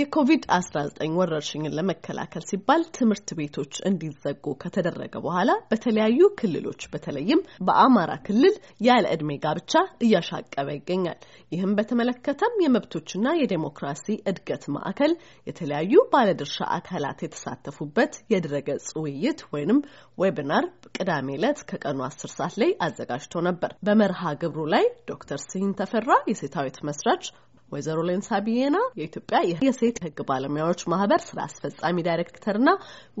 የኮቪድ-19 ወረርሽኝን ለመከላከል ሲባል ትምህርት ቤቶች እንዲዘጉ ከተደረገ በኋላ በተለያዩ ክልሎች በተለይም በአማራ ክልል ያለ ዕድሜ ጋብቻ እያሻቀበ ይገኛል። ይህም በተመለከተም የመብቶችና የዴሞክራሲ እድገት ማዕከል የተለያዩ ባለድርሻ አካላት የተሳተፉበት የድረገጽ ውይይት ወይንም ዌብናር ቅዳሜ ዕለት ከቀኑ አስር ሰዓት ላይ አዘጋጅቶ ነበር። በመርሃ ግብሩ ላይ ዶክተር ስሂን ተፈራ የሴታዊት መስራች ወይዘሮ ሌንሳ ቢዬና የኢትዮጵያ የሴት ህግ ባለሙያዎች ማህበር ስራ አስፈጻሚ ዳይሬክተርና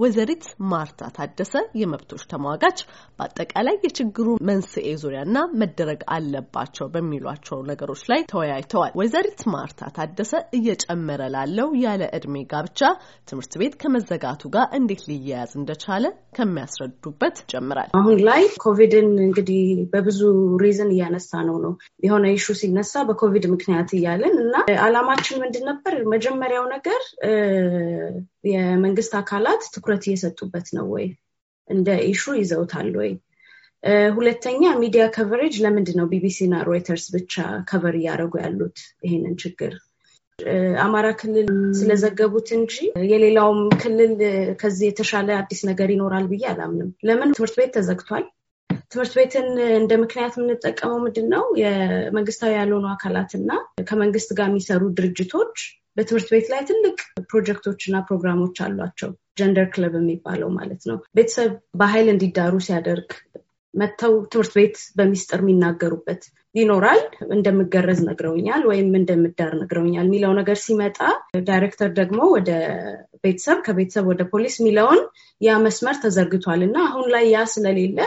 ወይዘሪት ማርታ ታደሰ የመብቶች ተሟጋች በአጠቃላይ የችግሩ መንስኤ ዙሪያና መደረግ አለባቸው በሚሏቸው ነገሮች ላይ ተወያይተዋል። ወይዘሪት ማርታ ታደሰ እየጨመረ ላለው ያለ እድሜ ጋብቻ ትምህርት ቤት ከመዘጋቱ ጋር እንዴት ሊያያዝ እንደቻለ ከሚያስረዱበት ጀምራል። አሁን ላይ ኮቪድን እንግዲህ በብዙ ሪዝን እያነሳ ነው ነው የሆነ ኢሹ ሲነሳ በኮቪድ ምክንያት እያለን እና አላማችን ምንድን ነበር? መጀመሪያው ነገር የመንግስት አካላት ትኩረት እየሰጡበት ነው ወይ? እንደ ኢሹ ይዘውታል ወይ? ሁለተኛ ሚዲያ ከቨሬጅ ለምንድን ነው ቢቢሲና ሮይተርስ ብቻ ከቨር እያደረጉ ያሉት ይሄንን ችግር? አማራ ክልል ስለዘገቡት እንጂ የሌላውም ክልል ከዚህ የተሻለ አዲስ ነገር ይኖራል ብዬ አላምንም። ለምን ትምህርት ቤት ተዘግቷል? ትምህርት ቤትን እንደ ምክንያት የምንጠቀመው ምንድን ነው? የመንግስታዊ ያልሆኑ አካላትና ከመንግስት ጋር የሚሰሩ ድርጅቶች በትምህርት ቤት ላይ ትልቅ ፕሮጀክቶች እና ፕሮግራሞች አሏቸው። ጀንደር ክለብ የሚባለው ማለት ነው። ቤተሰብ በኃይል እንዲዳሩ ሲያደርግ መጥተው ትምህርት ቤት በሚስጥር የሚናገሩበት ይኖራል። እንደምገረዝ ነግረውኛል ወይም እንደምዳር ነግረውኛል የሚለው ነገር ሲመጣ ዳይሬክተር ደግሞ ወደ ቤተሰብ፣ ከቤተሰብ ወደ ፖሊስ የሚለውን ያ መስመር ተዘርግቷል እና አሁን ላይ ያ ስለሌለ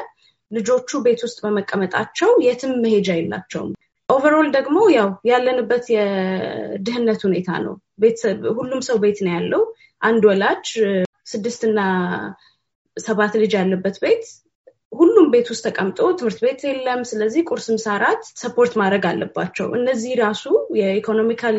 ልጆቹ ቤት ውስጥ በመቀመጣቸው የትም መሄጃ የላቸውም። ኦቨርኦል ደግሞ ያው ያለንበት የድህነት ሁኔታ ነው። ሁሉም ሰው ቤት ነው ያለው። አንድ ወላጅ ስድስትና ሰባት ልጅ ያለበት ቤት ቤት ውስጥ ተቀምጦ ትምህርት ቤት የለም። ስለዚህ ቁርስ፣ ምሳ፣ እራት ሰፖርት ማድረግ አለባቸው። እነዚህ ራሱ የኢኮኖሚካል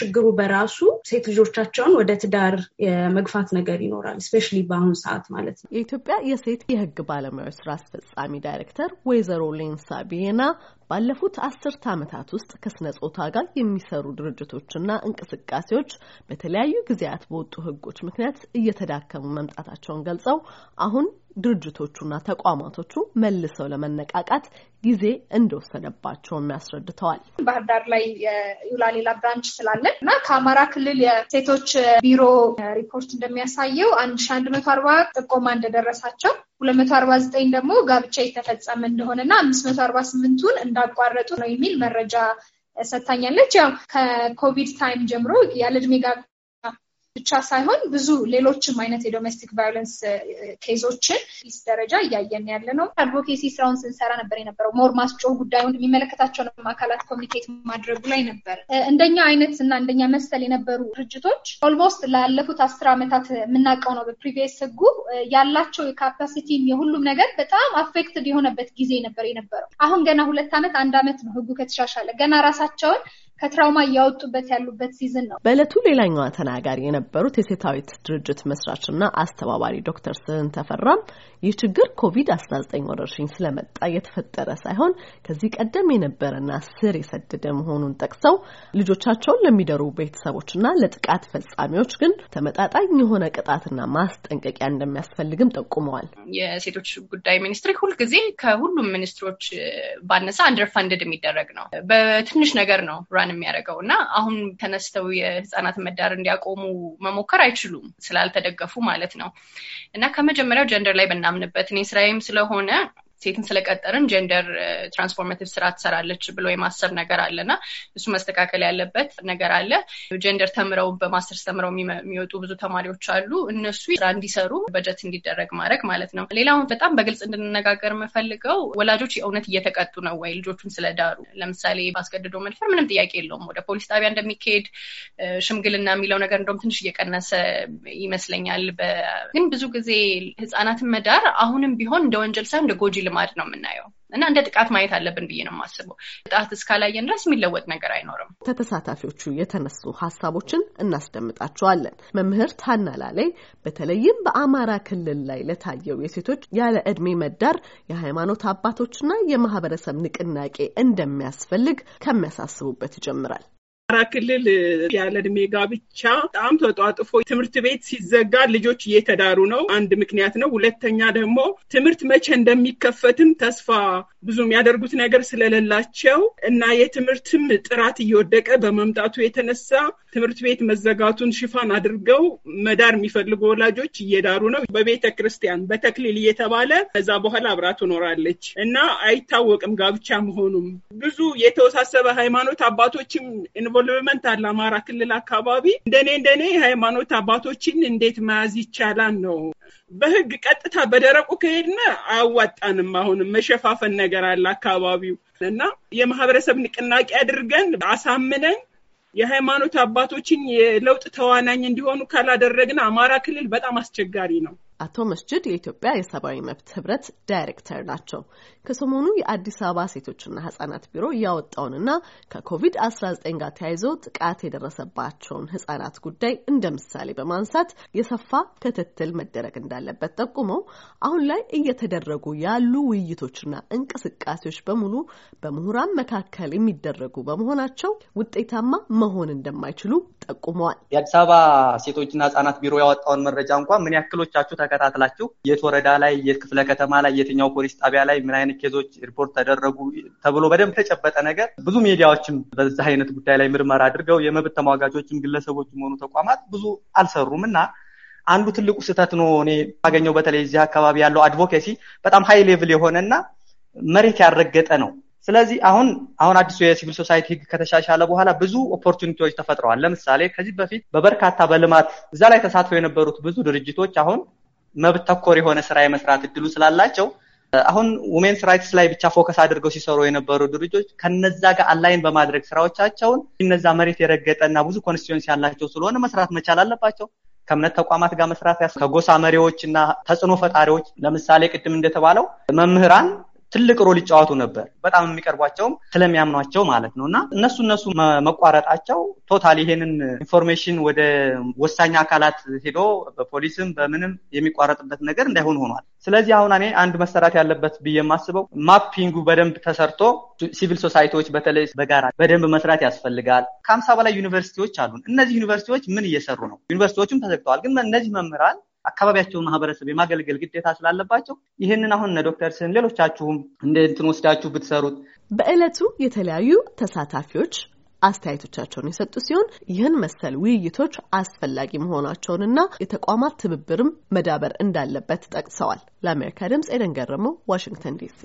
ችግሩ በራሱ ሴት ልጆቻቸውን ወደ ትዳር የመግፋት ነገር ይኖራል፣ እስፔሻሊ በአሁኑ ሰዓት ማለት ነው። የኢትዮጵያ የሴት የህግ ባለሙያዎች ስራ አስፈጻሚ ዳይሬክተር ወይዘሮ ሌንሳ ቢሄና ባለፉት አስርት ዓመታት ውስጥ ከስነ ጾታ ጋር የሚሰሩ ድርጅቶችና እንቅስቃሴዎች በተለያዩ ጊዜያት በወጡ ህጎች ምክንያት እየተዳከሙ መምጣታቸውን ገልጸው አሁን ድርጅቶቹና ተቋማቶቹ መልሰው ለመነቃቃት ጊዜ እንደወሰደባቸውም ያስረድተዋል። ባህር ዳር ላይ የዩላሌላ ብራንች ስላለን እና ከአማራ ክልል የሴቶች ቢሮ ሪፖርት እንደሚያሳየው አንድ ሺ አንድ መቶ አርባ ጥቆማ እንደደረሳቸው ሁለት መቶ አርባ ዘጠኝ ደግሞ ጋብቻ የተፈጸመ እንደሆነና አምስት መቶ አርባ ስምንቱን እንዳቋረጡ ነው የሚል መረጃ ሰታኛለች። ያው ከኮቪድ ታይም ጀምሮ ያለ እድሜ ብቻ ሳይሆን ብዙ ሌሎችም አይነት የዶሜስቲክ ቫዮለንስ ኬዞችን ስ ደረጃ እያየን ያለ ነው። አድቮኬሲ ስራውን ስንሰራ ነበር የነበረው ሞር ማስጮህ ጉዳዩን የሚመለከታቸውን አካላት ኮሚኒኬት ማድረጉ ላይ ነበር። እንደኛ አይነት እና እንደኛ መሰል የነበሩ ድርጅቶች ኦልሞስት ላለፉት አስር ዓመታት የምናውቀው ነው። በፕሪቪየስ ህጉ ያላቸው የካፓሲቲም የሁሉም ነገር በጣም አፌክትድ የሆነበት ጊዜ ነበር የነበረው። አሁን ገና ሁለት ዓመት አንድ ዓመት ነው ህጉ ከተሻሻለ ገና ራሳቸውን ከትራውማ እያወጡበት ያሉበት ሲዝን ነው። በዕለቱ ሌላኛዋ ተናጋሪ የነበሩት የሴታዊት ድርጅት መስራችና አስተባባሪ ዶክተር ስህን ተፈራም ይህ ችግር ኮቪድ አስራ ዘጠኝ ወረርሽኝ ስለመጣ የተፈጠረ ሳይሆን ከዚህ ቀደም የነበረና ስር የሰደደ መሆኑን ጠቅሰው ልጆቻቸውን ለሚደሩ ቤተሰቦችና ለጥቃት ፈጻሚዎች ግን ተመጣጣኝ የሆነ ቅጣትና ማስጠንቀቂያ እንደሚያስፈልግም ጠቁመዋል። የሴቶች ጉዳይ ሚኒስትሪ ሁልጊዜ ከሁሉም ሚኒስትሮች ባነሳ አንደርፋንድድ የሚደረግ ነው። በትንሽ ነገር ነው ራን የሚያደርገው እና አሁን ተነስተው የህፃናት መዳር እንዲያቆሙ መሞከር አይችሉም ስላልተደገፉ ማለት ነው እና ከመጀመሪያው ጀንደር ላይ ብናምንበት እኔ ስራዬም ስለሆነ ሴትን ስለቀጠርን ጀንደር ትራንስፎርማቲቭ ስራ ትሰራለች ብሎ የማሰብ ነገር አለ እሱ መስተካከል ያለበት ነገር አለ። ጀንደር ተምረው በማስተርስ ተምረው የሚወጡ ብዙ ተማሪዎች አሉ። እነሱ ስራ እንዲሰሩ በጀት እንዲደረግ ማድረግ ማለት ነው። ሌላውን በጣም በግልጽ እንድንነጋገር የምፈልገው ወላጆች የእውነት እየተቀጡ ነው ወይ ልጆቹን ስለዳሩ? ለምሳሌ በአስገድዶ መድፈር ምንም ጥያቄ የለውም። ወደ ፖሊስ ጣቢያ እንደሚካሄድ ሽምግልና የሚለው ነገር እንደውም ትንሽ እየቀነሰ ይመስለኛል። ግን ብዙ ጊዜ ህጻናትን መዳር አሁንም ቢሆን እንደ ወንጀል ሳይሆን እንደ ጎጂ ልማድ ነው የምናየው እና እንደ ጥቃት ማየት አለብን ብዬ ነው የማስበው። ጥቃት እስካላየን ድረስ የሚለወጥ ነገር አይኖርም። ከተሳታፊዎቹ የተነሱ ሀሳቦችን እናስደምጣቸዋለን። መምህር ታናላ በተለይም በአማራ ክልል ላይ ለታየው የሴቶች ያለ እድሜ መዳር የሃይማኖት አባቶችና የማህበረሰብ ንቅናቄ እንደሚያስፈልግ ከሚያሳስቡበት ይጀምራል። አማራ ክልል ያለ እድሜ ጋብቻ በጣም ተጧጥፎ ትምህርት ቤት ሲዘጋ ልጆች እየተዳሩ ነው። አንድ ምክንያት ነው። ሁለተኛ ደግሞ ትምህርት መቼ እንደሚከፈትም ተስፋ ብዙ የሚያደርጉት ነገር ስለሌላቸው እና የትምህርትም ጥራት እየወደቀ በመምጣቱ የተነሳ ትምህርት ቤት መዘጋቱን ሽፋን አድርገው መዳር የሚፈልጉ ወላጆች እየዳሩ ነው። በቤተ ክርስቲያን በተክሊል እየተባለ ከዛ በኋላ አብራ ትኖራለች እና አይታወቅም ጋብቻ መሆኑም ብዙ የተወሳሰበ ሃይማኖት አባቶችም ኢንቮልቭመንት አለ አማራ ክልል አካባቢ። እንደኔ እንደኔ ሃይማኖት አባቶችን እንዴት መያዝ ይቻላል ነው። በህግ ቀጥታ በደረቁ ከሄድን አያዋጣንም። አሁንም መሸፋፈን ነገር አለ አካባቢው እና የማህበረሰብ ንቅናቄ አድርገን አሳምነን የሃይማኖት አባቶችን የለውጥ ተዋናኝ እንዲሆኑ ካላደረግን አማራ ክልል በጣም አስቸጋሪ ነው። አቶ መስጅድ የኢትዮጵያ የሰብአዊ መብት ህብረት ዳይሬክተር ናቸው። ከሰሞኑ የአዲስ አበባ ሴቶችና ህጻናት ቢሮ ያወጣውንና ከኮቪድ-19 ጋር ተያይዞ ጥቃት የደረሰባቸውን ህጻናት ጉዳይ እንደ ምሳሌ በማንሳት የሰፋ ክትትል መደረግ እንዳለበት ጠቁመው አሁን ላይ እየተደረጉ ያሉ ውይይቶችና እንቅስቃሴዎች በሙሉ በምሁራን መካከል የሚደረጉ በመሆናቸው ውጤታማ መሆን እንደማይችሉ ጠቁመዋል። የአዲስ አበባ ሴቶችና ህጻናት ቢሮ ያወጣውን መረጃ እንኳን ምን ያክሎቻችሁ ተከታትላችሁ የት ወረዳ ላይ፣ የት ክፍለ ከተማ ላይ፣ የትኛው ፖሊስ ጣቢያ ላይ ምን አይነት ኬዞች ሪፖርት ተደረጉ ተብሎ በደንብ ተጨበጠ ነገር ብዙ ሚዲያዎችም በዚህ አይነት ጉዳይ ላይ ምርመራ አድርገው የመብት ተሟጋቾችም ግለሰቦች ሆኑ ተቋማት ብዙ አልሰሩም እና አንዱ ትልቁ ስህተት ነው እኔ ማገኘው በተለይ እዚህ አካባቢ ያለው አድቮኬሲ በጣም ሀይ ሌቭል የሆነና መሬት ያረገጠ ነው። ስለዚህ አሁን አሁን አዲሱ የሲቪል ሶሳይቲ ህግ ከተሻሻለ በኋላ ብዙ ኦፖርቹኒቲዎች ተፈጥረዋል። ለምሳሌ ከዚህ በፊት በበርካታ በልማት እዛ ላይ ተሳትፈው የነበሩት ብዙ ድርጅቶች አሁን መብት ተኮር የሆነ ስራ የመስራት እድሉ ስላላቸው አሁን ውሜንስ ራይትስ ላይ ብቻ ፎከስ አድርገው ሲሰሩ የነበሩ ድርጅቶች ከነዛ ጋር አላይን በማድረግ ስራዎቻቸውን እነዛ መሬት እና ብዙ ኮንስቲትዌንስ ያላቸው ስለሆነ መስራት መቻል አለባቸው። ከእምነት ተቋማት ጋር መስራት ከጎሳ መሪዎች እና ተጽዕኖ ፈጣሪዎች ለምሳሌ ቅድም እንደተባለው መምህራን ትልቅ ሮል ይጫወቱ ነበር። በጣም የሚቀርቧቸውም ስለሚያምኗቸው ማለት ነው እና እነሱ እነሱ መቋረጣቸው ቶታል ይሄንን ኢንፎርሜሽን ወደ ወሳኝ አካላት ሄዶ በፖሊስም በምንም የሚቋረጥበት ነገር እንዳይሆን ሆኗል። ስለዚህ አሁን እኔ አንድ መሰራት ያለበት ብዬ የማስበው ማፒንጉ በደንብ ተሰርቶ ሲቪል ሶሳይቲዎች በተለይ በጋራ በደንብ መስራት ያስፈልጋል። ከሀምሳ በላይ ዩኒቨርሲቲዎች አሉን። እነዚህ ዩኒቨርሲቲዎች ምን እየሰሩ ነው? ዩኒቨርሲቲዎችም ተዘግተዋል። ግን እነዚህ መምህራን አካባቢያቸውን ማህበረሰብ የማገልገል ግዴታ ስላለባቸው ይህንን አሁን ዶክተር ስን ሌሎቻችሁም እንደ እንትን ወስዳችሁ ብትሰሩት። በእለቱ የተለያዩ ተሳታፊዎች አስተያየቶቻቸውን የሰጡ ሲሆን ይህን መሰል ውይይቶች አስፈላጊ መሆናቸውንና የተቋማት ትብብርም መዳበር እንዳለበት ጠቅሰዋል። ለአሜሪካ ድምጽ ኤደን ገረመው፣ ዋሽንግተን ዲሲ